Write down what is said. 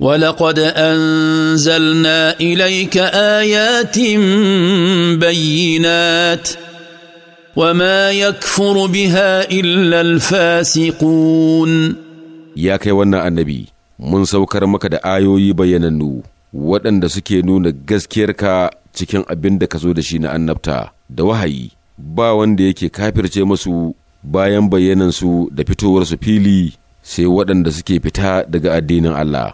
ولقد انزلنا اليك ايات بينات وما يكفر بها الا الفاسقون Ya kai wannan annabi mun saukar maka da ayoyi bayyanannu waɗanda suke nuna gaskiyarka cikin abin da ka zo da shi na annabta da wahayi ba wanda yake kafirce masu bayan bayyanansu da fitowarsu fili sai waɗanda suke fita daga addinin Allah